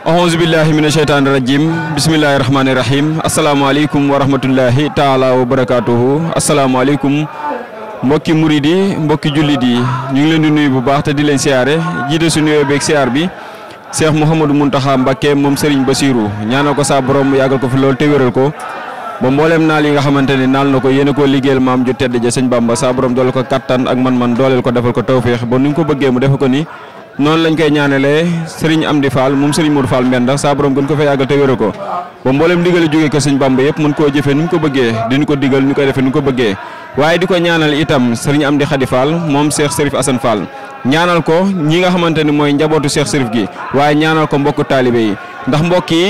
ahousubillahi mina sheytaani rajim bisimillahi rahmaani rahim asalaamaaleykum wa rahmatullahi taala wa barakatuhu asalaamaaleykum mbokki murid yi mbokki jullit yi ñu ngi leen di nuyu bu baax te di leen siyaare jiite su nuyoo beeg siyaar bi Cheikh Mouhamadou Mountakha Mbacké moom Serigne Bassirou ñaanal ko saa borom yàggal ko fi loolu te wéral ko ba mbooleem naal yi nga xamante ne naal na ko yéen a koo liggéeyal maam ju tedd ja sëñ Bamba saa borom dooleel ko kattan ak man-man ko defal ko tawféex ba ko bëggee mu defal ko ni noonu lañ koy ñaanalee Serigne Amdi faal moom Serigne Modou Fall Mbenda saa borom gën ko fa yàggal te wéru ko ba mboolem ndigal jógee ko Serigne Bamba yëpp mën koo jëfee ni mu ko bëggee diñu ko digal ni koy defee ni ko bëggee waaye di ko ñaanal itam Serigne Amdi Khady Fall moom Cheikh Serif asan Fall ñaanal ko ñi nga xamante ni mooy njabootu Cheikh Serif gi waaye ñaanal ko mbokku taalibe yi ndax mbokk yi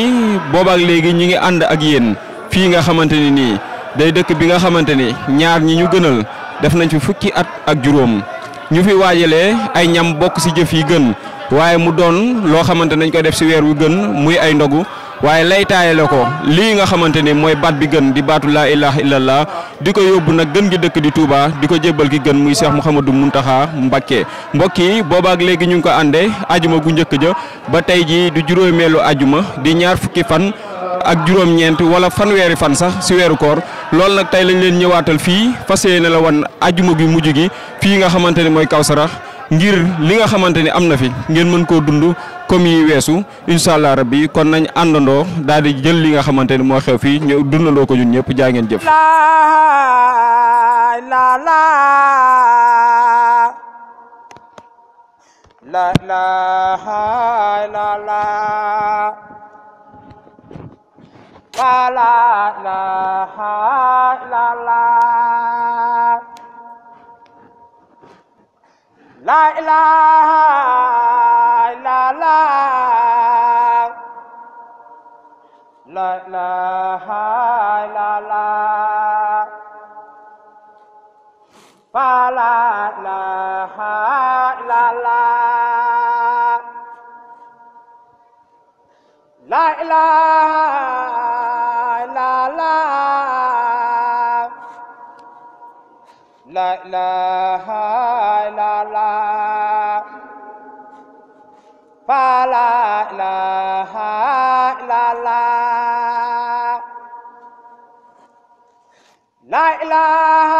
boobaak léegi ñi ngi ànd ak yéen fii nga xamante ni nii day dëkk bi nga xamante ni ñaar ñi ñu gënal def nañ fi fukki at ak juróom ñu fi waajalee ay ñam bokk ci jëf yi gën waaye mu doon loo xamante nañ koy def ci weer wu gën muy ay ndogu waaye laytaayale taayale ko lii nga xamante ni mooy baat bi gën di baatu laa ilaha la di ko yóbbu nag gën gi dëkk di tuubaa di ko jébbal ki gën muy Cheikh Mouhamadou Mountakha Mbacké mbokk yi boobaak léegi ñu ngi ko àndee ajuma gu njëkk ja ba tey ji du juróomeelu ajuma di ñaar fukki fan ak juróom-ñeent fan weeri fan sax si weeru koor loolu nag tey lañ leen ñëwaatal fii fas yéene la wan ajjuma gi mujj gi fii nga xamante ni mooy Kawsarax ngir li nga xamante ni am na fi ngeen mën koo dund comme yi weesu incha allah rabbi kon nañ àndandoo daal di jël li nga xamante ni moo xew fii ñu dundandoo ko ñun ñëpp jaa ngeen jëf. la la la ha la la la ilaha إله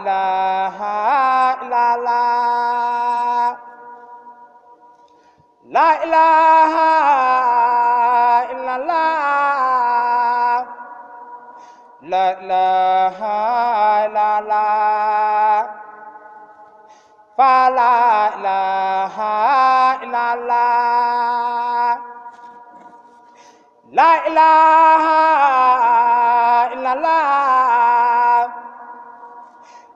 ilaha illa la la ilaha illa la la ilaha illa la fa la ilaha illa la la ilaha illa la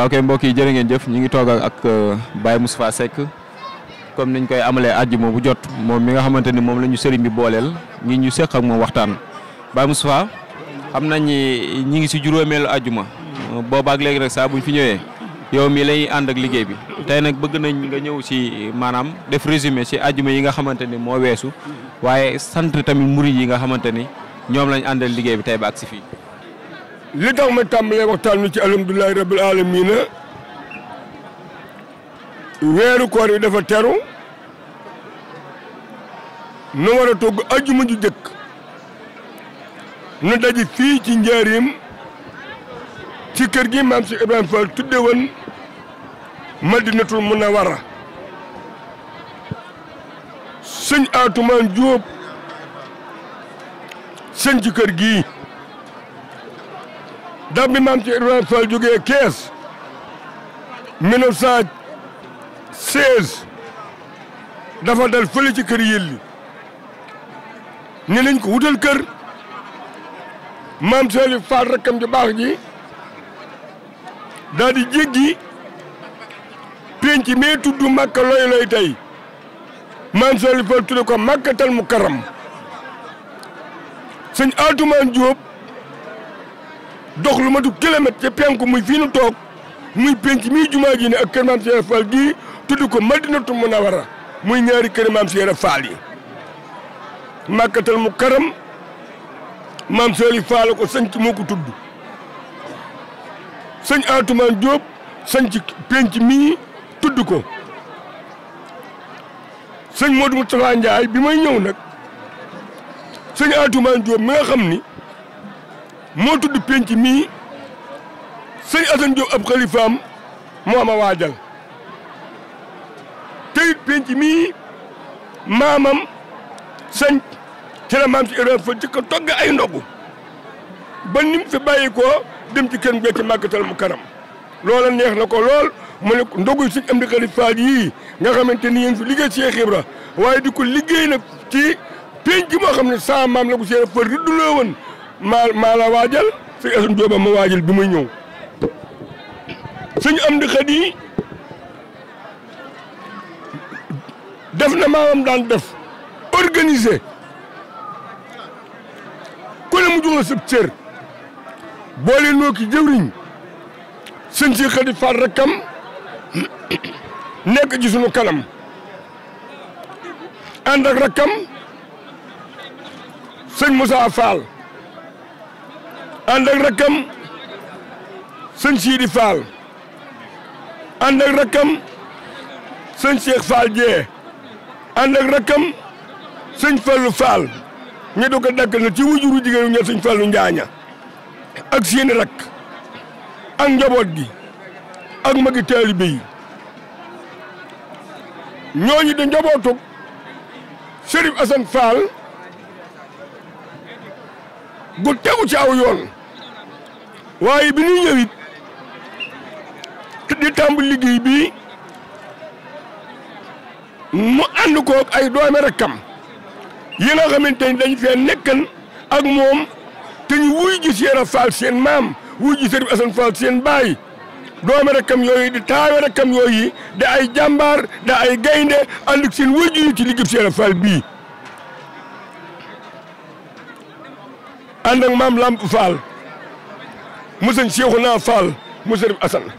waaw kay mbokk yi jërë ngeen jëf ñu ngi toog ak euh, baay Moustapha Seck comme niñ koy amalee àjjuma bu jot moom mi nga xamante ni moom la ñu sëriñ bi booleel ngi ñu seq ak moom waxtaan Baye Moustapha xam nañ ni ñi ngi si juróomeelu àjjuma boobaak léegi nag saa buñ fi ñëwee yow mii la ànd ak liggéey bi tey nag bëgg nañ nga ñëw si maanaam def résumé si àjjuma yi nga xamante ni moo weesu waaye sant tamit murid yi nga xamante ni ñoom lañ àndal liggéey bi tey ba ak si fii li tax ma tàmbalee waxtaan wi ci alhamdulilahi rabil alamina weeru koor yi dafa teru nu war a togg ajjuma ju jëkk nu daji fii ci njaarim ci kër gi maam si Ibrahima Fall tudde woon madinatul munawara sëñ Atumaan Jóob sëñ ci kër gi dab bi maam ci Ibrahima Fall jógee Kees 1916 dafa dal fële ci kër yëlli ni nañ ko wutal kër maam Saliou Fall rakkam ju baax ji daal di jéggi penc mee tudd Makka loy loy maam Saliou Fall tudd ko Makkatal Mukarram sëñ Atumaan Jóob dox lu ma du kilomètre ca penku muy fii nu toog muy penc mii jumaa ji ne ak kër maam Cheikh Fall gii tudd ko Madinatu Munawara muy ñaari kër maam Cheikh Fall yi màkkatal mu karam maam Cheikh Fall ko sanc moo ko tudd sëñ Atumaan Diop sanc penc mii tudd ko sëñ Modou Moustapha Ndiaye bi may ñëw nag sëñ Atumaan Diop mi nga xam ni moo tudd penc mii sëñ Assane Diop ab xalifaam moo ma waajal te it penc mii maamam sëñ ci la maam si Ibrahima fa jëkk a togg ay ndogu ba nim fi bàyyi koo dem ci kenn gi ci màggatal mu kanam loola neex na ko lool mu ne ndogu sëñ am di xalifaat yii nga xamante ni yéen fi liggéey Cheikh Ibra waaye di ku liggéey nag ci penc moo xam ne saa maam la ko Cheikh fa ridduloo woon maa maa la waajal sëñ Assane Diop ma waajal bi muy ñëw sëñ am di xët def na maamam daan def organiser ku ne mu jox la sëb cër boole noo ki jëwriñ sëñ si xëdi faat rakkam nekk ci sunu kanam ànd ak rakkam sëñ Moussa Fall ànd ak rakkam sëñ Sidi Fall ànd ak rakkam sëñ Cheikh Fall Dieng ànd ak rakkam sëñ Fallou Fall ñu di ko dakkal na ci wujuru jigéen ña sëñ Fallou Njaaña ak seeni ak njaboot gi ak magi taalibe yi ñooñu da njabootug Chérif Assane Fall gu tegu ci aw yoon waaye bi ñuy ñëw it di liggéey bi mu ànd koog ay doome rakkam yi nga xamante ni dañ fee nekkan ak moom te ñu wuy ji Seera Faal seen maam wuy ji Sëriñ Asan Faal seen baay doome rakkam yooyu di taawe rakkam yooyu da ay jàmbaar da ay gaynde ànd ak seen wuy ji ci liggéey Seera Faal bii ànd ak maam Lamp Faal mu sëñ Cheikhouna Fall mu sëriñ Assane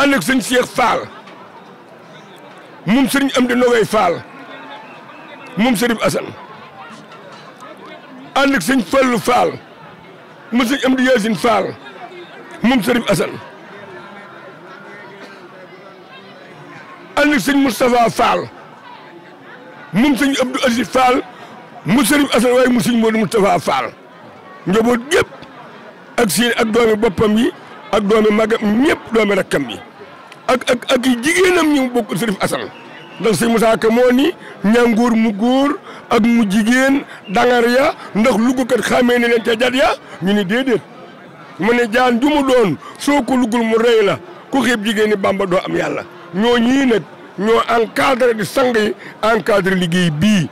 ànd ak sëñ Cheikh Fall mu sëriñ Amdi Nogay Fall moom sëriñ Assane ànd ak sëñ Fallu Fall mu sëñ Amdi Yaasin Fall moom sëriñ Assane ànd ak sëñ Moustapha Fall moom sëñ Abdou Aziz Fall mu sëriñ Assane waaye mu sëriñ Modou Moustapha njaboot yëpp ak seen ak doomi boppam yi ak doomi magam ñëpp doomi rakkam yi ak ak ak i jigéenam ñi mu bokk sëriñ Assane ndax sëriñ Moussa Ka moo ni ñàngoor mu góor ak mu jigéen dangar ya ndax luggukat xamee ne leen ca jat ya ñu ne déedéet mu ne jaan ju mu doon soo ko luggul mu rey la ku xeeb jigéen ñi doo am yàlla ñoo ñii nag ñoo encadré di sang yi encadré liggéey bii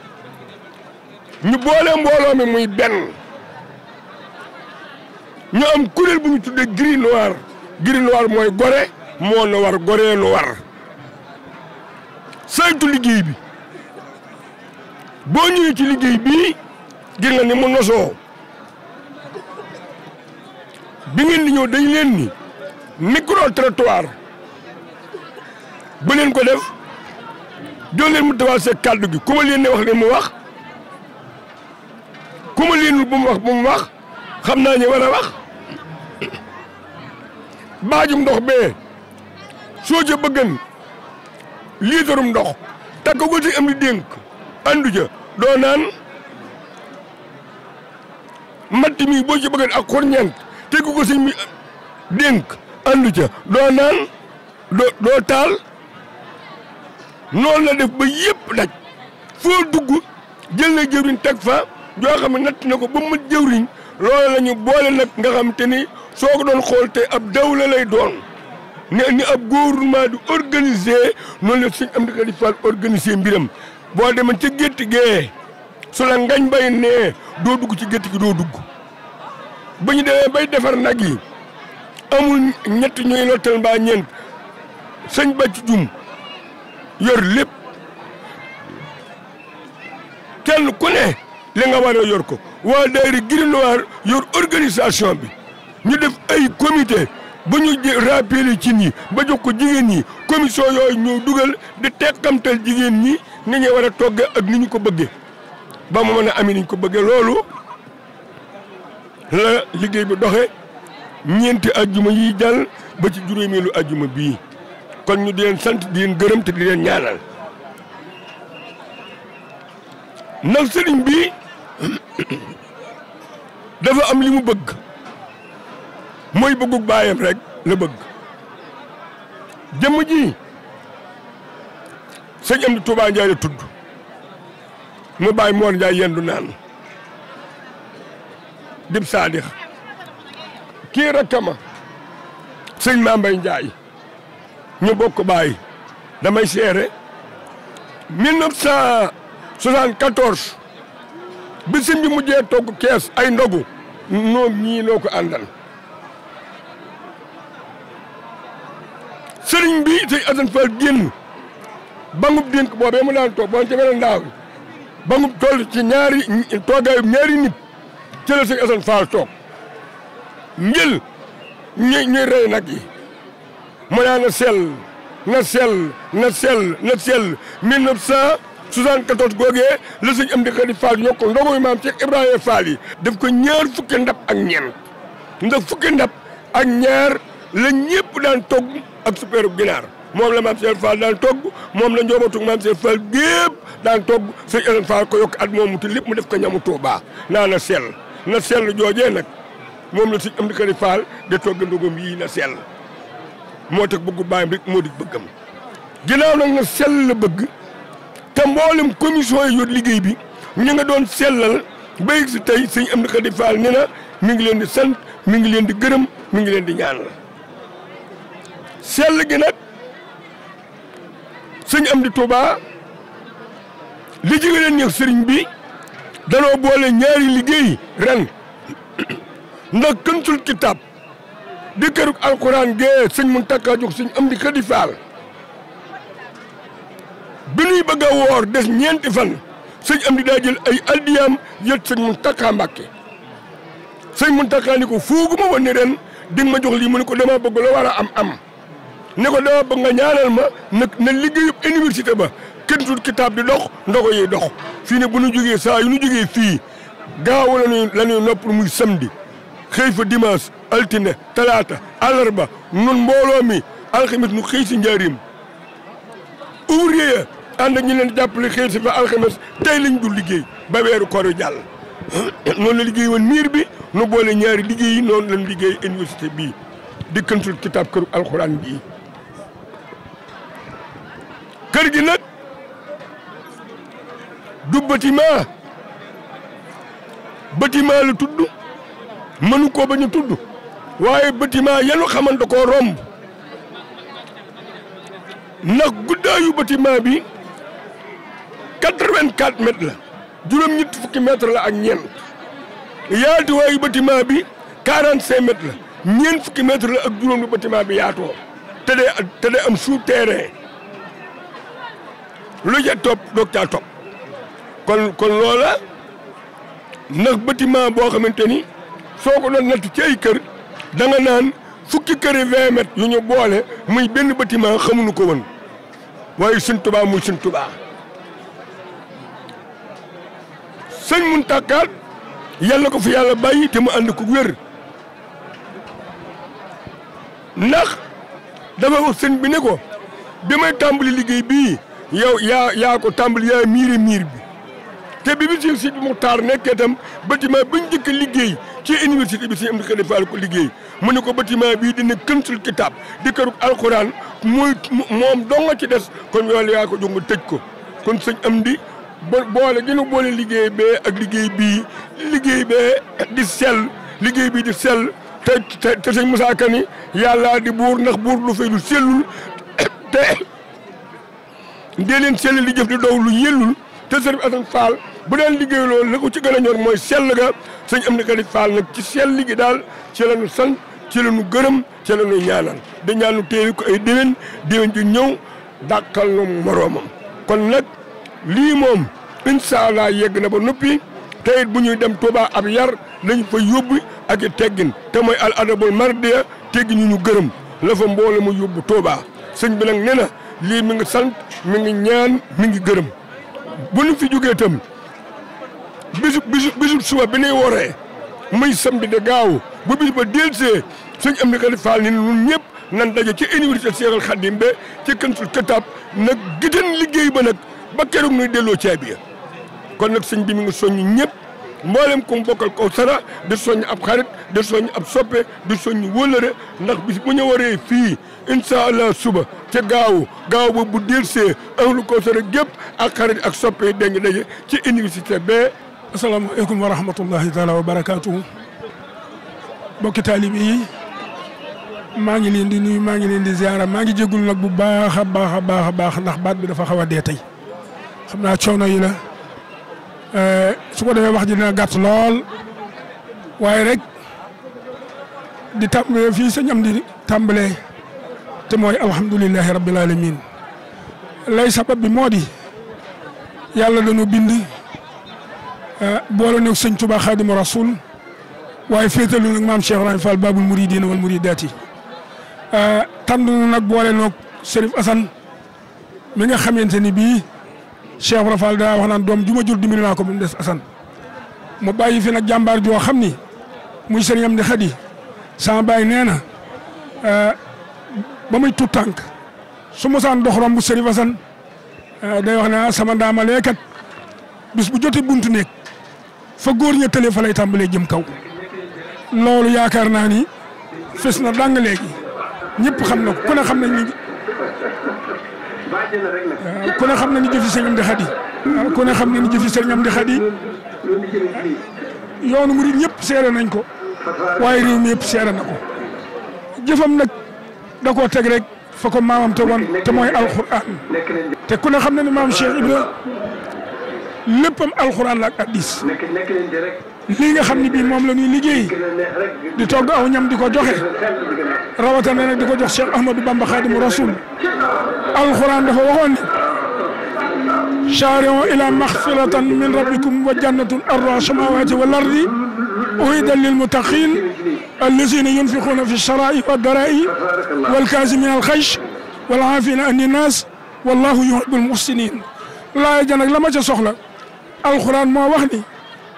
ñu boole mbooloo mi muy benn ñu am kuréel bu ñu tuddee gris noir gris noir mooy gore moo nu war goree nu liggéey bi boo ñëwee ci liggéey bii gis nga ni mu nosoo bi ngeen di ñëw dañ leen ni micro trottoir bu leen ko def jox leen mu tawal seen gi ku ne wax leen mu wax ku ma liinul bu mu wax bu mu wax xam naa ñu war a wax baajum ndox bee soo ca bëggan liitarum ndox takkagul ci am di dénk andu ja doo naan matt mi boo ci bëggan ak xorñeent teggu ko si mi dénk andu ca doo naan doo taal noonu la def ba yëpp daj foo dugg jël na jëwriñ teg fa joo xam ne natt na ko ba mu jëwriñ loolu la ñu boole nag nga xam te ni soo doon xool te ab dawla lay doon ne ni ab gouvernement du organiser noonu la suñ am di Khady Fall organiser mbiram boo demee ca gétt gee su la ngañ bay ne doo dugg ci gétt gi doo dugg ba ñu demee bay defar nag yi amul ñett ñuy lottal mbaa ñeent sëñ bàcc jum yor lépp kenn ku ne li nga war yor ko waa daayira Gris Noir yor organisation bi ñu def ay comité ba ñu rappelé ci nii ba jox ko jigéen ñi commission yooyu ñoo dugal di tekkamtal jigéen ñi ni ñu war a toggee ak ni ñu ko bëgge ba mu mën amee ni ñu ko bëggee loolu la liggéey bi doxe ñeenti ajjuma yi jal ba ci juróomeelu ajjuma bii kon ñu di leen sant di leen gërëm te di leen ñaanal ndax sëriñ bi dafa am li mu bëgg mooy bëggu baayam rekk la bëgg jëmm ji sëñ am di Tuubaa Njaay la tudd mu baay Moor Njaay yendu naan dib saadix kii rakkama sëñ Maa Mbay Njaay ñu bokk baay damay seere 1974 bi sëñ bi mujjee togg kees ay ndogu noom ñii noo ko àndal sëriñ bi sëñ Assane Fall génn bangub dénk boobee mu daan toog boon ca beneen daaw bangub toll ci ñaari toogaayu ñaari nit ci la sëñ toog njël ñuy ñuy rey nag yi mu naa na sell na sell na sell na 74 googee la sëñ Amdi Xadi Fall yokk ko ndogoy maam Cheikh Ibrahima Fall yi def ko ñaar fukki ndab ak ñeent ndax fukki ndab ak ñaar la ñëpp daan togg ak suppeeru ginaar moom la maam Cheikh daan togg moom la njoomatug maam Cheikh Fall gépp daan togg sëñ Aline Fall ko yokk at moomu te lépp mu def ko ñamu Tuubaa naa na sell na sell joojee nag moom la sëñ Amdi Xadi Fall de togg ndogam yii na sell moo tax bëggu baayam moo di bëggam ginnaaw nag na la bëgg te mboolem commission yi yor liggéey bi ñu nga doon sellal béy si tey sëñ Amdy Khady Fall ne na mi ngi leen di sant mi ngi leen di gërëm mi ngi leen di ñaanal sell gi nag sëñ Amdy di li ci gën a neex bi danoo boole ñaari liggéey ren ndax këntul kitaab di kërug alxuraan gee sëñ Mountakha jox sëñ Amdy Khady Fall bi ñuy bëgg a woor des ñeenti fan sëñ am di daa jël ay aldiyaam yët sëñ Muntaxa Mbàkke sëñ Muntaxa ni ko foogu ma ren di ma jox lii mu ne ko dama bëgg la war a am am ne ko dama bëgg nga ñaanal ma na na liggéeyub université ba këntul kitaab di dox ndogo yi dox fii ne bu ñu jógee saa yu ñu jógee fii gaaw la ñuy la ñuy nopp muy samedi xëy fa dimanche altine talaata ba nun mbooloo mi alxamis nu xëy si njaarim ouvrier ànd ak ñi leen jàppale xëy si ba alxames tey lañ dul liggéey ba weeru koor yu jàll noonu la liggéey woon miir bi nu boole ñaari liggéey yi noonu lañ liggéey université bii dikkantul kitaab këru alxuraan bi kër gi nag du bâtiment bâtiment la tudd mënu ko bañ a tudd waaye bâtiment yanu xamante koo romb ndax guddaayu bâtiment bi quatre-vingt-quatre la juróom ñetti la ak ñeent yaatuwaayu bi quarante-cinq la ñeent fukki mètres la ak juróom bi bi yaatoo te de te am souterrain lu ja topp kon kon loola ndax bâtiment boo xamante ni soo ko doon natt ci ay kër da nga naan fukki këri vingt mètres yu ñu boole muy benn bâtiment xamuñu ko woon waaye Sëñ Tuubaa muy Sëñ sëñ Mountakha yal na ko fi yàlla bàyyi te mu ànd ko wér ndax dafa wax sëñ bi ne ko bi may tàmbali liggéey bii yow yaa yaa ko tàmbali yaa miiri miir bi te bi bi si mu Muxtaar nekkee tam bâtiment bi ñu njëkk liggéey ci université bi si am xëy na ko liggéey mu ne ko bâtiment bii dina kënsul kitaab di këru alxuraan mooy moom dong nga ci des kon yow yaa ko jóg nga ko kon sëñ am di ba boole gën a boole liggéey bee ak liggéey bii liggéey bee di sel liggéey bii di sel te te te sëñ Moussa Ka ni yàlla di buur nax buur lu fay lu sellul te dee leen sell di jëf di dow lu yellul te sëriñ Assane bu daan liggéey loolu la ku ci gën a ñor mooy sel ga sëñ am na ka di Fall nag ci sell gi daal ci la ñu sant ci la nu gërëm ci la ñu ñaanal da ñaanu téewi ko ay déwén déwén ju ñëw dàkkal nu moroomam kon nag lii moom incha allah yegg na ba noppi te bu ñuy dem Touba ab yar lañ fa yóbbu ak i teggin te mooy al adabul mardiya teggin ñu ñu gërëm la fa mboole mu yóbbu Touba sëñ bi nag nee lii mi ngi sant mi ñaan mi ngi gërëm bu ñu fi jógee tam bisu bisu bisu suba bi ñuy woree muy samedi de gaaw bu bis ba déllusee sëñ am na kat faal ni ñun ñëpp nan daje ci université Cheikh Al Khadim be ci kansul kataab na gitan liggéey ba nag. ba keroog nuy delloo caabi ya kon nag sëñ bi mu ngi soññ ñëpp mboolem ku mu bokkal kaw di soññ ab xarit di soññ ab soppe di soññ wëllëre ndax bis bu waree fii incha suba ca gaaw gaaw ba bu dil see ahlu kaw gépp ak xarit ak soppe yi dañu daje ci université bee. asalaamaaleykum wa rahmatullahi taala wa barakaatuhu bokki taalibe yi maa ngi leen di nuyu maa ngi leen di ziara maa ngi jégul nag bu baax a baax a baax a baax ndax baat bi dafa xaw a dee tey xam naa coono yi eh, su ko defee wax ji dina gàtt lool waaye rek di tàmbalee fii sëñ am di tàmbalee te mooy alhamdulilahi rabbil alamin lay sabab bi moo di yàlla dañu bind eh, boole nekk sëñ Tuubaa Xaadimu Rasuul waaye féetalu nag maam Cheikh Ibrahima Fall Babul Muridiina wal Muridaati eh, tànn nag boole noog Serif Assane mi nga xamante ni bii Cheikh Ibra Fall daa wax naan doom ju ma naa ko ba mu des Assane mu bàyyi fi nag jàmbaar joo xam ni muy sëriñam di xadi sama bàyyi nee na euh, ba muy tuut tànk su mosaan dox romb sëriñ Assane euh, day wax ne ah, sama ndaama bu jotee buntu nekk fa góor ña tëlee fa lay tàmbalee jëm kaw loolu yaakaar naa ni fes na dàng léegi ñëpp xam na ko ne xam nañ ni ku ne xam na ni jëfi sëñ Amdi Xadi ku ne xam na ni jëfi sëñ Amdi Xadi yoonu murid ñëpp seere nañ ko waaye réew mi yëpp seere na ko jëfam nag da koo teg rek fa ko maamam tegoon te mooy alxuraan te ku ne xam ne ni maam Cheikh Ibra léppam al la ak hadiis lii nga xam ne bii moom la ñuy liggéey di togg aw ñam di ko joxe rawatina nag di ko jox Cheikh Ahmadou Bamba Khadimu Rasul alxuraan dafa waxoon ne saari'u ila maxfiratan min rabbikum wa jannatin arduha samawati wal ardi uiddat lil muttaqin allazina yunfiquna fi sarai wa darai wal kaasimin al xaysh wal aafina an nas wallahu yuhibbul muhsinin laaya ja nag la ma ca soxla alxuraan moo wax ni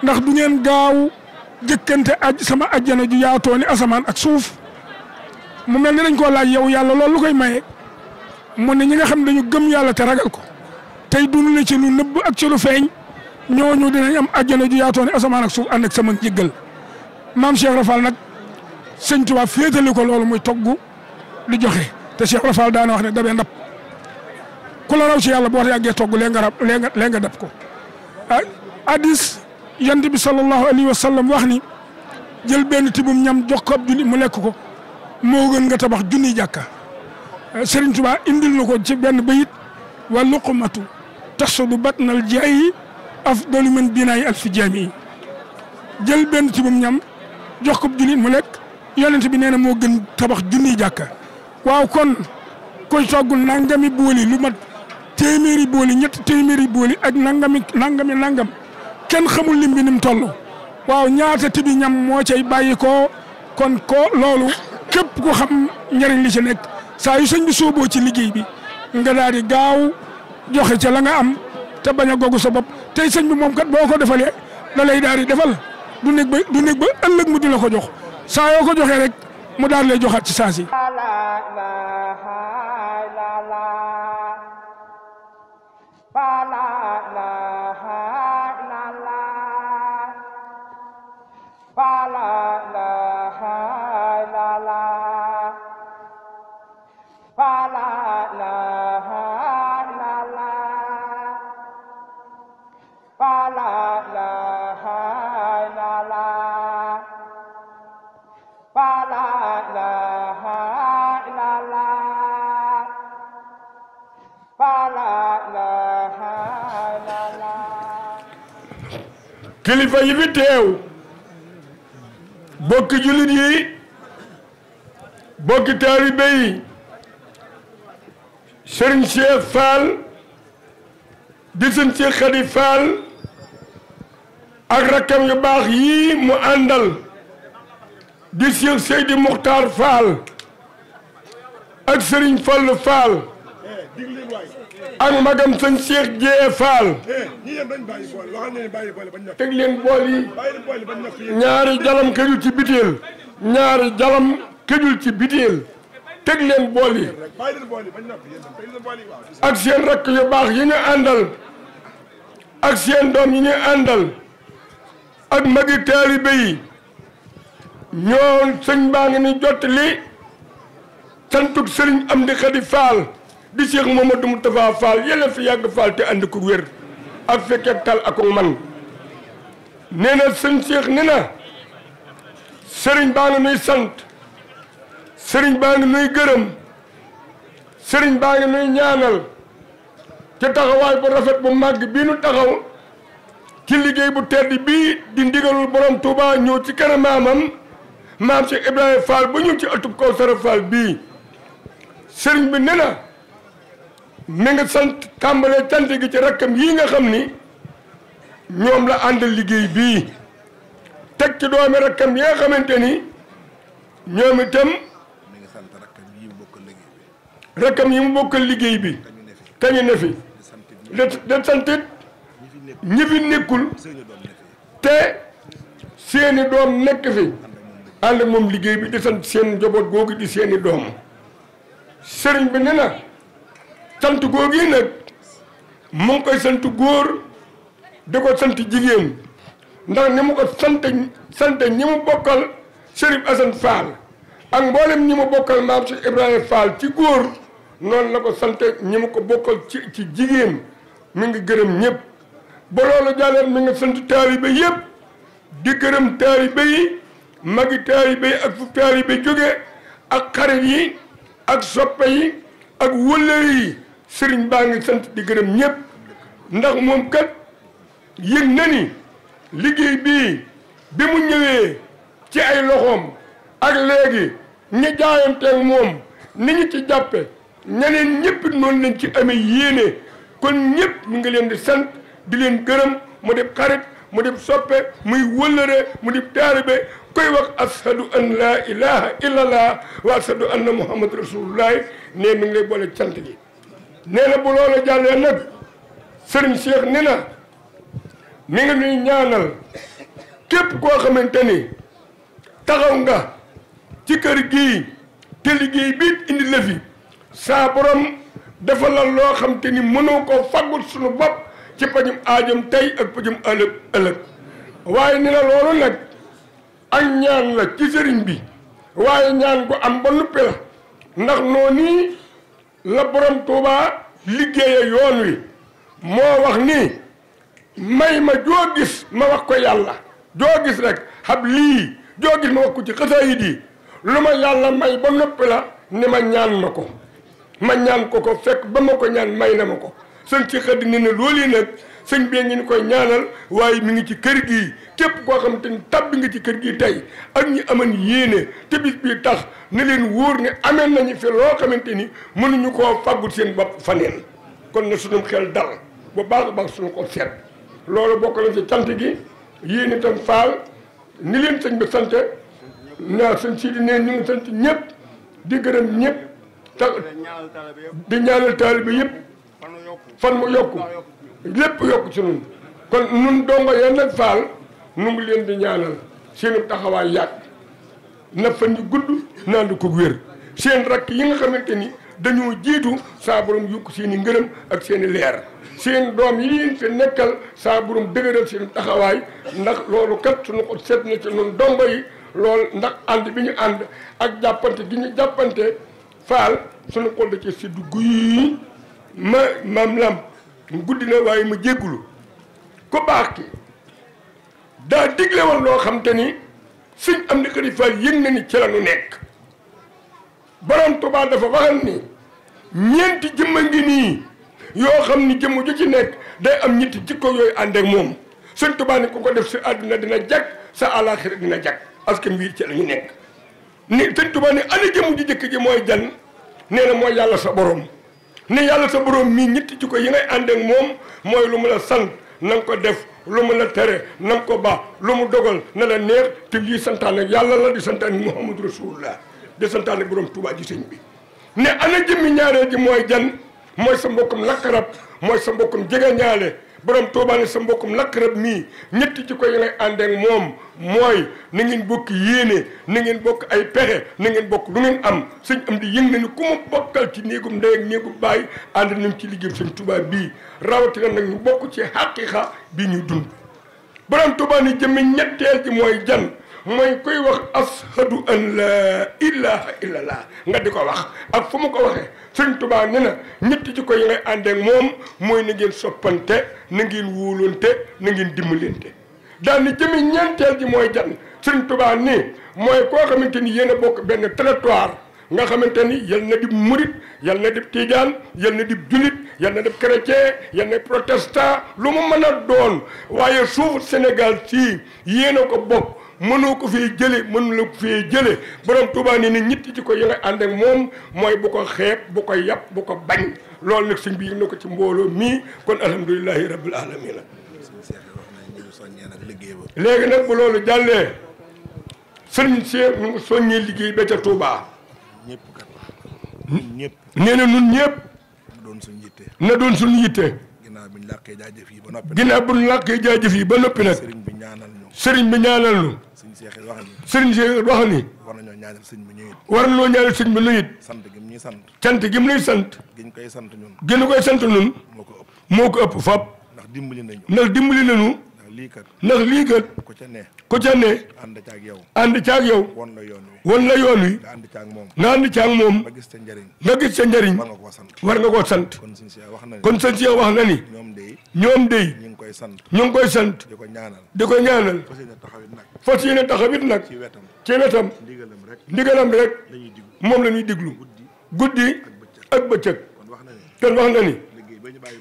ndax du ngeen gaaw jëkkante aj sama ajjana ju yaatoo ni asamaan ak suuf mu mel ni dañ koo laaj yow yàlla loolu lu koy maye mu ne ñi nga xam dañu gëm yàlla te ragal ko tey dund na ci lu nëbb ak ci lu feeñ ñooñu dinañ am ajjana ju yaatoo ni asamaan ak suuf ànd ak sama njëggal maam Cheikh Rafal nag sëñ Tuubaa féetali ko loolu muy togg di joxe te Cheikh Rafal daana wax ne dabee ndab ku la raw ci yàlla boo yàggee togg lee nga rab lee nga lee nga dab ko ah yant bi sallallahu alayhi wa sallam wax ni jël benn tibum ñam jox ko ab jullit mu lekk ko moo gën nga tabax junni jàkka eh, Serigne Touba indil na ko ci benn bayit wa luqmatu taxsudu batnal jaayi afdalu min binaayi alfi jaami jël benn tibum ñam jox ko ab jullit mu lekk yonent bi nee na moo gën tabax junni jàkka waaw kon koy toggul nangami booli lu mat téeméeri booli ñetti téeméeri booli ak nangami nangami nangam. kenn xamul lim bi ni toll waaw ñaata tibi ñam moo cay bàyyi koo kon ko loolu képp ku xam njëriñ li ci nekk saa yu sëñ bi sóoboo ci liggéey bi nga daal di gaaw joxe ca la nga am te bañ a googu sa bopp tey sëñ bi moom kat boo ko defalee da lay daal di defal du néeg ba du nekk ba ëllëg mu di la ko jox saa yoo ko joxee rek mu daal lay joxaat ci saa si. kilifa yi fi teew bokki jullit yi bokki taalibe yi sëriñ Cheikh Fall di sëriñ Cheikh Khady Fall ak rakkam yu baax yii mu àndal di Cheikh Seydi Muxtaar Fall ak sëriñ Fall Fall ak magam sëñ Cheikh Dieye Fall. teg leen bool yi ñaari jalam këjul ci biteel ñaari jalam këjul ci biteel teg leen bool yi ak seen rakk yu baax yi ñu àndal ak seen doom yi ñu àndal ak magi taalibe yi ñoo sëñ baa ngi ni jot li cantuk sëriñ Amdi Xadi Fall di Cheikh Mamadou Moustapha Fall yàlla fi yàgg Fall te ànd ko wér ak fekkee tal ak man nee na sëñ Cheikh sëriñ baa ngi nuy sant sëriñ baa ngi nuy gërëm sëriñ baa ngi nuy ñaanal te taxawaay bu rafet bu màgg bii nu taxaw ci liggéey bu tedd bii di ndigalul borom Touba ñëw ci kanam maamam maam Cheikh Ibrahima Fall ba ñu ci ëttub Kawsara Fall bii sëriñ bi nena mi nga sant tàmbalee sant gi ci rakkam yii nga xam ni ñoom la ànd liggéey bii teg ci doomi rakkam yi nga xamante ni ñoom itam sant rakkam yi mu bokkal liggéey bi yi mu bokkal liggéey bi te ñu ne fi da santit ñi fi nekkul te seeni doom nekk fi ànd moom liggéey bi di sant seen njaboot googu di seeni doom sëriñ bi ne sant googu nag mu ngi koy sant góor di ko sant jigéen ndax ni mu ko sant sant ñi mu bokkal Chérif Assane Fall ak mboolem ñi mu bokkal maam si Ibrahima Fall ci góor noonu na ko sant ñi mu ko bokkal ci ci jigéen mu ngi gërëm ñëpp ba loolu jàlleen mi ngi sant taalibe yëpp di gërëm taalibe yi magi taalibe yi ak fu taalibe jóge ak xarit yi ak soppe yi ak wëllëri yi sëriñ baa ngi sant di gërëm ñëpp ndax moom kat yëg na ni liggéey bii bi mu ñëwee ci ay loxoom ak léegi ñi jaayanteeg moom ni ñu ci jàppe ñeneen ñëpp noonu lañ ci ame yéene kon ñëpp mu ngi leen di sant di leen gërëm mu def xarit mu def soppe muy wëllëre mu def taalibe koy wax ashadu an laa ilaha illallah wa ashadu na muhammad rasulullah ne mi ngi lay boole cant gi nee na bu loola jàllee nag sëriñ Cheikh ni na mi ngi nuy ñaanal képp koo xamante ni taxaw nga ci kër gi te liggéey biit indi la fi saa borom dafa la loo xam te ni mënoo koo faggul suñu bopp ci pajum aajum tey ak pajum ëllëg ëllëg waaye ni na loolu nag ak ñaan la ci sëriñ bi waaye ñaan ko am ba nuppi la ndax noonu la borom Tuuba liggéeye yoon wi moo wax ni may ma joo gis ma wax ko yàlla joo gis rek xab lii joo gis ma wax ko ci xasaayid yi lu ma yàlla may ba noppi la ni ma ñaan ma ko ma ñaan ko ko fekk ba ma ko ñaan may na ma ko sën ci xëdd ni ne loolu nag sëñ bi ngeen koy ñaanal waaye mu ngi ci kër gi képp koo xam te ni tabbi nga ci kër gi tey ak ñi aman yéene te bis bii tax na leen wóor ne amee nañu fi loo xamante ni mënuñu koo fàggul seen bopp faneen kon na sunum xel dal bu baax a baax suñu ko seet loolu bokk na si cant gi yéen itam faal ni leen sëñ bi sant naa sëñ si di ne ñu ngi sant ñëpp di gërëm ñëpp ta di ñaanal taalibe yëpp fan mu yokku lépp yokk ci nun kon nun dongo yeen nag faal nu ngi leen di ñaanal seenu taxawaay yàgg na fan yu gudd naan di ko wér seen rakk yi nga xamante ni dañoo jiitu saa borom yokk seen i ngërëm ak seen leer seen doom yi leen fi nekkal saa borom dëgëral seen taxawaay ndax loolu kat suñu ko seet na ci nun dongo yi lool ndax ànd bi ñu ànd ak jàppante gi ñu jàppante faal sunu xol da ci siddu guy ma maam lam mu guddi na waaye ma jéggulu ko baax ki daa digle woon loo xam te ni sëñ am di xarit Fall yëg na ni ci nekk borom Tuubaa dafa waxal ni ñeenti jëmm ngi nii yoo xam ni jëmm ju ci nekk day am ñetti jikko yooyu ànd ak moom sëñ tubaan ni ku ko def si àdduna dina jag sa àllaaxira dina jag askan wi ci la ñu nekk ni sëñ Tuubaa ni ana jëmm ju jëkk ji mooy jan nee na mooy yàlla sa borom ne yàlla sa borom mii ñetti ko yi ngay ànd ak moom mooy lu mu la sant na ko def lu mu la tere na nga ko baax lu mu dogal na la neex te lii santaan ak yàlla la di santaan ak Muhammadu Rasulullah di santaan ak borom Tuubaa ji sëñ bi ne ana jëmmi ñaareel ji mooy jan mooy sa mbokkum lakkarab mooy sa mbokkum jege ñaale borom Tuubaa sa mbokkum lakk rab mii ñetti jikko yi lay àndeek moom mooy na ngeen bokk yéene na ngeen bokk ay pexe na ngeen bokk lu ngeen am sëñ am di yëng na ni ku bokkal ci néegum ndey ak néegum bàyyi ànd nañ ci liggéeyam sëñ tubaab bii rawatina nag bokk ci xaqiiqa bii ñu dund borom Tuubaa ne jëmmi ñetteel ji mooy jan mooy koy wax ashadu an laa ilaha illallah nga di ko wax ak fu mu ko waxee sëñ tubaa ne na ñetti ci koy ngay àndee ak moom mooy na ngeen soppante na ngeen wóolante na ngeen dimbalante daal ni jëmi ñeenteel ji mooy jan sëñ tubaa nii mooy koo xamante ni yéen bokk benn territoire nga xamante ni yal na dib murit yal na dib tijaan yal na dib julit yal na dib chrétien yal na protestant lu mu mën a doon waaye suufu Sénégal sii yéen a ko bokk mënoo ko fii jële mënu la fi fii jële borom Tuubaa ni ne ñitti ci ko yi nga ànd moom mooy bu ko xeeb bu ko yàpp bu ko bañ loolu nag suñ biir na ko ci mbooloo mii kon alhamdulilahi rabbil alamina léegi nag bu loolu jàllee sëriñ Cheikh ñu ngi soññee liggéey ba ca Touba. ñëpp kat nee na ñun ñëpp. na doon suñu yitte. na doon suñu yitte. ginaar bi ñu làkkee jaajëf yi ba noppi. ginnaaw bi làkkee jaajëf yi ba noppi nag. sëriñ bi ñaanal ñu. sëriñ bi ñaanal Cheikh wax ni. Serigne Cheikh wax ni. war nañoo ñaanal sëñ bi ñu it. war nañoo ñaanal sëñ bi ñu it. sant gi mu ñuy sant. sant gi mu ñuy sant. giñ koy sant ñun. moo ko ëpp moo ko ëpp fab. ndax dimbali nañu. na dimbali nañu. lii kat ndax lii ko ku ca ne ku ca ne ànd caag yow ànd yow won la yoon wi won la yoon wi nga ànd caag moom nga ànd caag moom gis ca njëriñ nga gis ca njëriñ war nga koo sant war nga koo sant kon sëñ si wax na ni kon sëñ wax na ni ñoom day koy sant ñu ngi koy sant di ko ñaanal di ko ñaanal fas yéene taxawit nag fas yéene taxawit nag ci wetam ci wetam ndigalam rek ndigalam rek lañuy diglu moom la ñuy diglu guddi ak bëccëg kon wax na ni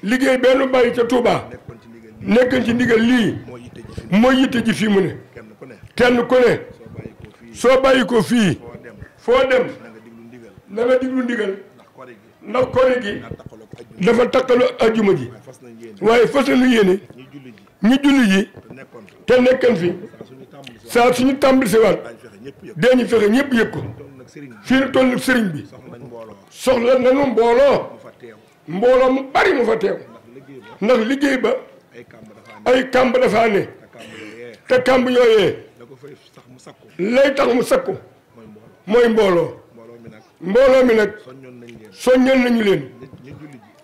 liggéey benn bàyyi ca Touba nekkoon ci ndigal lii mooy yitte ji fii mu ne kenn ku ne soo bàyyi ko fii foo dem na nga diglu ndigal ndaw koor gi dafa takkaloo ajjuma ji waaye fas nañu yéene ñu julli ji te nekkan fi saa suñu tàmbali si waat dañu fexe ñëpp yëg ko fii nu toll nag sëriñ bi soxla nañu mbooloo mbooloo mu bari mu fa teew ndax liggéey ba ay kàmb dafa ne te kàmb yooyee lay tax mu sakku mooy mbooloo mbooloo mi nag soññoon nañu leen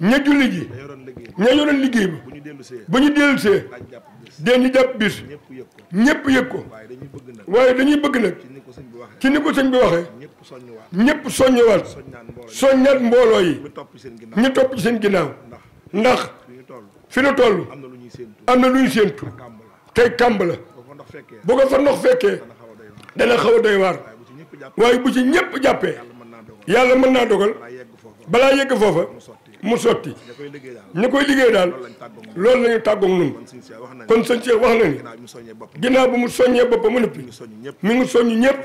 ña julli ji ña yoroon liggéey bi bu ñu dellu see dañu jàpp bis ñëpp yëg ko waaye dañuy bëgg nag ci ni ko sëñ bi waxee ñëpp soññewaat soññaat mbooloo yi ñu topp ci seen ginnaaw ndax fi nu toll am na lu ñu séentu tey kàmb la bu ko fa ndox fekkee dana xaw a doy waar waaye bu ci ñëpp jàppee. yàlla mën naa dogal balaa yegg foofa mu sotti ñu koy liggéey daal loolu la ñu tàggoog nun kon sëñ Cheikh wax na ni ginnaaw bu mu soññee boppam mu noppi mi ngi soññ ñëpp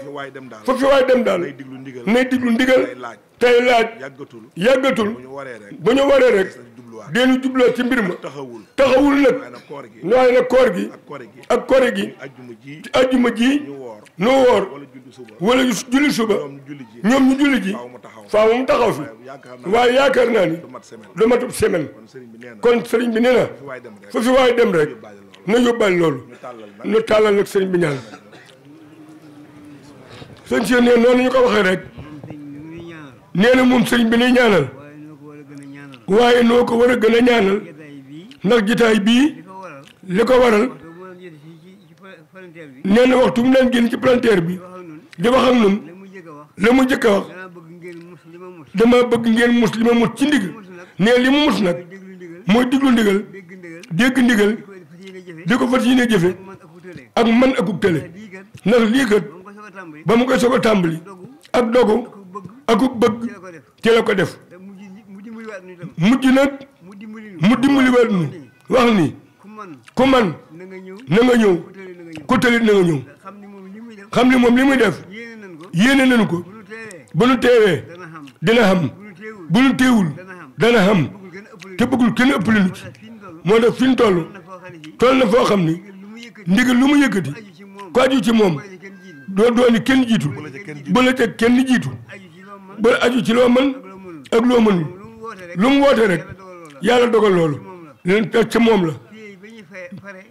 fu fi waay dem daal nay diglu ndigal tey laaj yàggatul bu ñu waree rek deenu jubloo ci mbir ma taxawul nag waaye na koor gi ak koor gi ci ajjuma ji nu wóor wala julli suba ñoom ñu julli ji faaw mu taxaw fi waaye yaakaar naa ni du matub semaine kon sëriñ bi nee na fu fi waaye dem rek na yóbbaale loolu nu tàllal nag sëriñ bi ñaan sëñ si nee noonu ñu ko waxee rek nee na moom sëriñ bi ni ñaanal waaye noo ko war a gën a ñaanal ndax jitaay bii li ko waral nee na waxtu mu daan génn ci palanteer bi di wax ak ñun la mu njëkk a wax dama bëgg ngeen mus li ma mus ci ndigal nee mu mus nag mooy dégg ndigal di ko fas yéene jëfe ak man ak uk tële ndax lii ba mu koy soog a tàmbali ak dogu ak uk bëgg te la ko def mujj nag mu dimbali waat ñu wax ni ku man na nga ñëw ku tëlit na nga ñëw xam ni moom li muy def yéene nanu ko bu nu teewee dina xam bu nu teewul dana xam te bëggul kenn ëpp lu ci moo tax fi ñu toll toll na foo xam ni ndigal lu mu yëkkati ku aju ci moom doo dooni kenn jiitu bu la ca kenn jiitu ba aju ci loo mën ak loo mënul lu mu woote rek yàlla dogal loolu leen ca moom la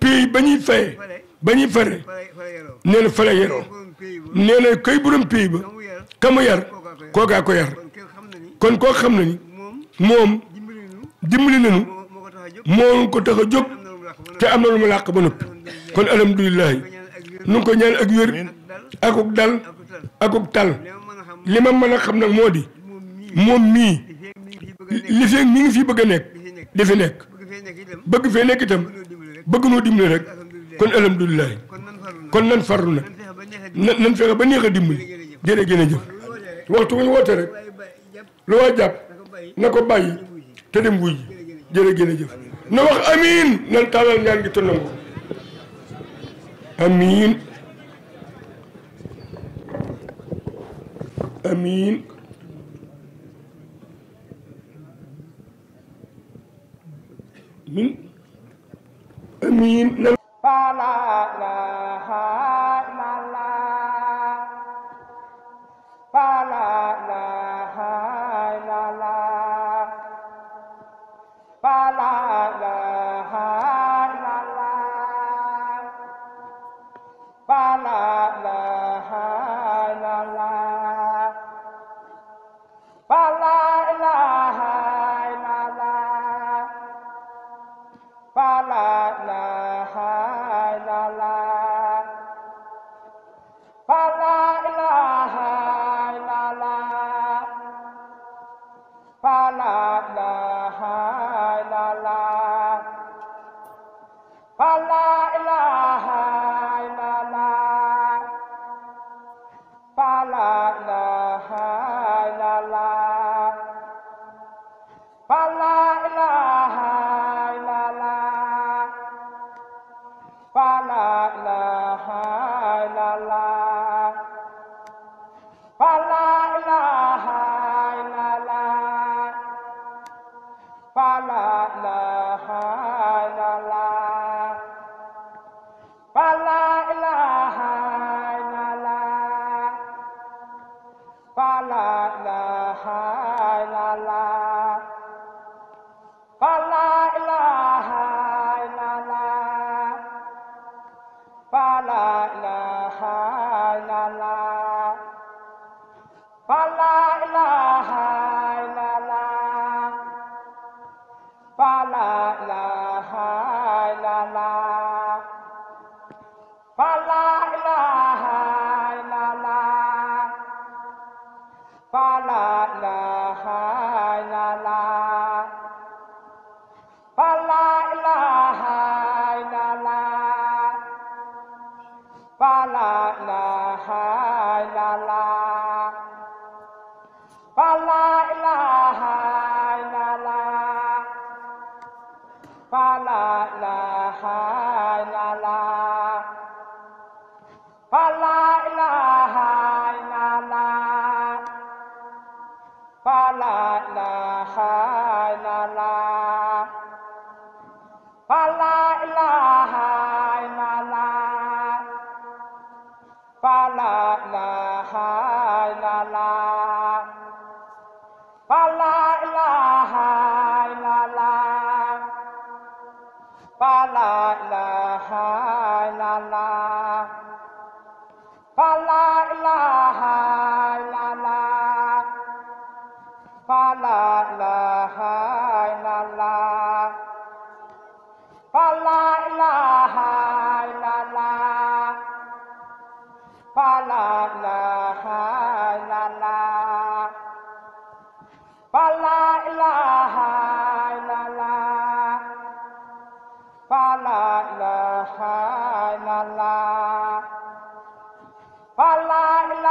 pays ba ñuy faye ba ñuy fare nee na fale yeroo nee na koy borom pays ba ka mu yar kookaa ko yar kon koo xam na ni moom dimbali nañu moo ko tax a jóg te am na lu mu làq ba noppi kon alhamdulilahi nu ngi ko ñaan ak wér akuk dal akuk tal li ma mën a xam nag moo di moom mii li fi mi ngi fi bëgg a nekk di fi nekk bëgg fee nekk itam bëgg noo dimbali rek kon alhamdulilah kon nan farlu nan nan fexe ba neex a dimbali jërë gën a jëf waxtu na ko bàyyi te dem wuy ji jërë wax amiin nan taalal ñaan gi te nangu amiin amiin min فلا إله إلا الله فلا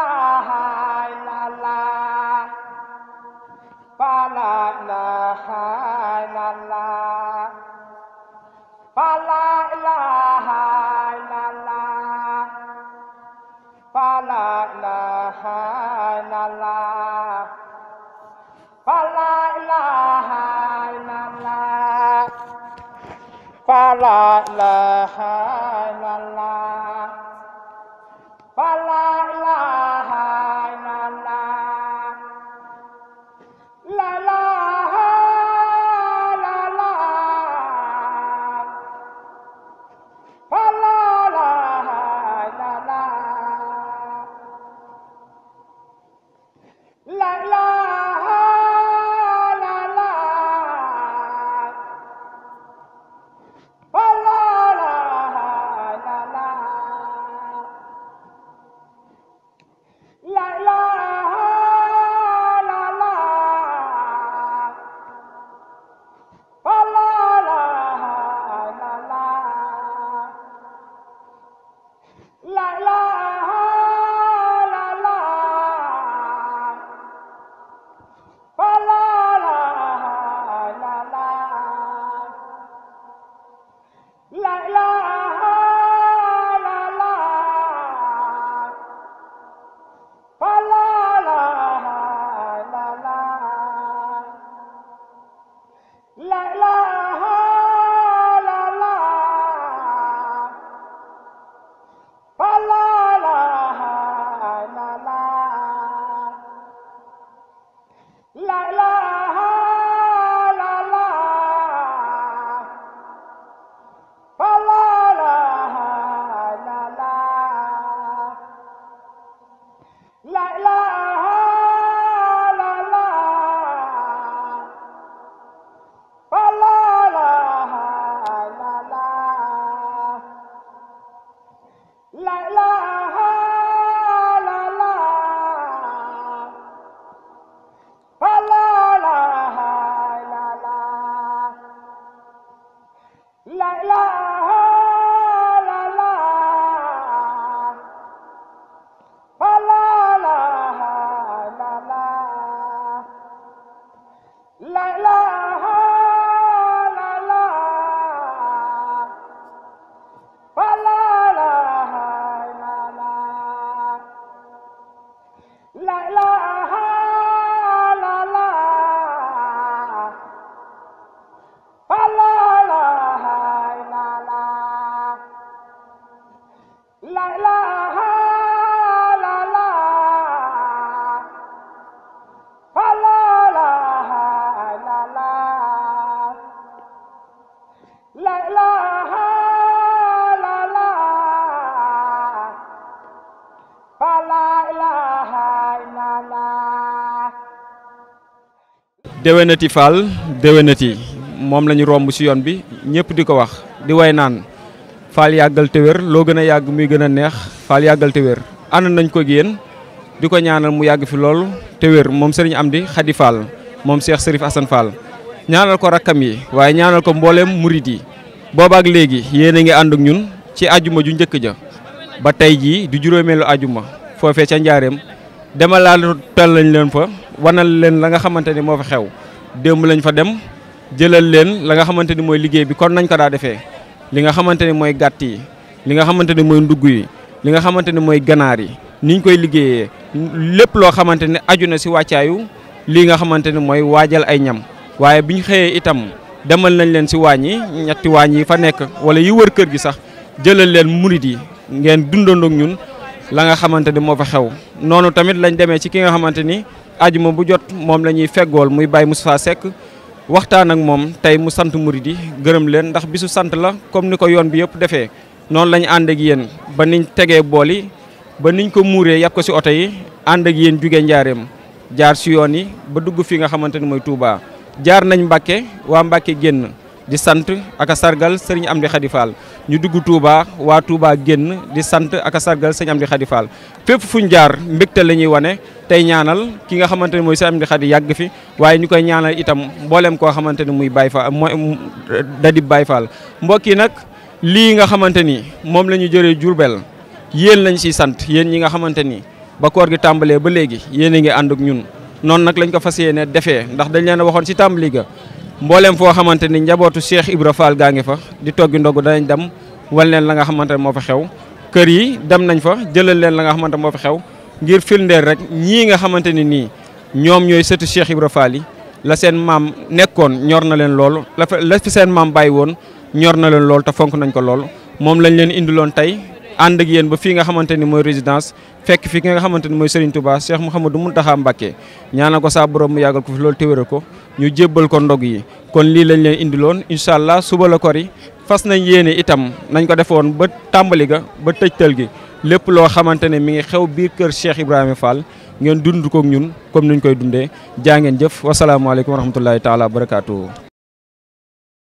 la déwénati faal déwénati moom la romb ci yoon bi ñëpp di ko wax di way naan faal yàggal te loo gën a yàgg muy gën a neex faal yàggal te wér ànd nañ ko génn di ko ñaanal mu yàgg fi lool te wér moom sëriñ di Xadi Fall moom Cheikh Serif Assane Fall ñaanal ko rakkam yi waaye ñaanal ko mbooleem murit yi ak léegi yéen a ngi ànd ak ñun ci ajuma ju njëkk ja ba tey jii du juróomeelu ajuma foofee ca njaareem dema laal lañ leen fa wanal leen la nga xamante ni moo fa xew démb lañ fa dem jëlal leen la nga xamante ni mooy liggéey bi kon nañ ko daa defee li nga xamante ni mooy gàtt yi li nga xamante ne mooy ndugg yi li nga xamante ne mooy ganaar yi ni ñu koy liggéeyee lépp loo xamante ne aju na si wàccaayu lii nga xamante ni mooy waajal ay ñam waaye bi ñu xëyee itam demal nañ leen si waañ yi ñetti waañ yi fa nekk wala yi wër kër gi sax jëlal leen murit yi ngeen dundandoog ñun la nga xamante ni moo fa xew noonu tamit lañ demee ci ki nga xamante ni aju ma bu jot moom la ñuy feggool muy Baye Moussa Seck waxtaan ak moom tey mu sant murid yi gërëm leen ndax bisu sant la comme ni ko yoon bi yëpp defee noonu lañu ànd ak yéen ba niñ tegee bool yi ba niñ ko muuree yàpp ko si oto yi ànd ak yéen jugee njaareem jaar si yoon yi ba dugg fi nga xamante ni mooy Touba jaar nañ Mbàkke waa Mbàkke génn di sant ak a sargal sëriñ Amdi Khady Fall ñu dugg Touba waa Touba génn di sant ak a sargal sëriñ Amdi Khady Fall fépp fu ñu jaar mbégte la ñuy wane tey ñaanal ki nga xamante ne mooy sëriñ Amdi Khady yàgg fi waaye ñu koy ñaanal itam mbooleem koo xamante ne muy Baye Fall mooy Dadib Baye Fall mbokk yi nag lii nga xamante ni moom la ñu jëlee Jurbel yéen lañ siy sant yéen ñi nga xamante ni ba koor gi tàmbalee ba léegi yéen a ngi ànd ak ñun noonu nag lañ ko fas yéene defee ndax dañu leen waxoon si tàmbali ga mboolem foo xamante ni njabootu Cheikh Ibra Fall gaa ngi fa di toggi ndogu danañ dem wal leen la nga xamante ne moo fa xew kër yi dem nañ fa jëlal leen la nga xamante moo fa xew ngir filndeel rek ñii nga xamante ni nii ñoom ñooy sëtu Cheikh Ibra Fall yi la seen maam nekkoon ñor na leen lool la fi seen maam bàyyi woon ñor na leen lool te fonk nañ ko lool moom lañu leen indiloon tey ànd ak yéen ba fii nga xamante ni mooy résidence fekk fii nga xamante ni mooy Serigne Touba Cheikh Mouhamadou Mountakha Mbacké ñaanal ko saa borom mu yàggal ko fi loolu te wéral ko ñu jébbal ko ndog yi kon lii lañ leen indiloon incha allah suba la ko ri fas nañ yéene itam nañ ko defoon ba tàmbali ga ba tëjtal gi lépp loo xamante ne mi ngi xew biir kër Cheikh Ibrahima Fall ngeen dund kook ak ñun comme niñ koy dundee jaa ngeen jëf wasalaamaaleykum wa rahmatullahi taala wa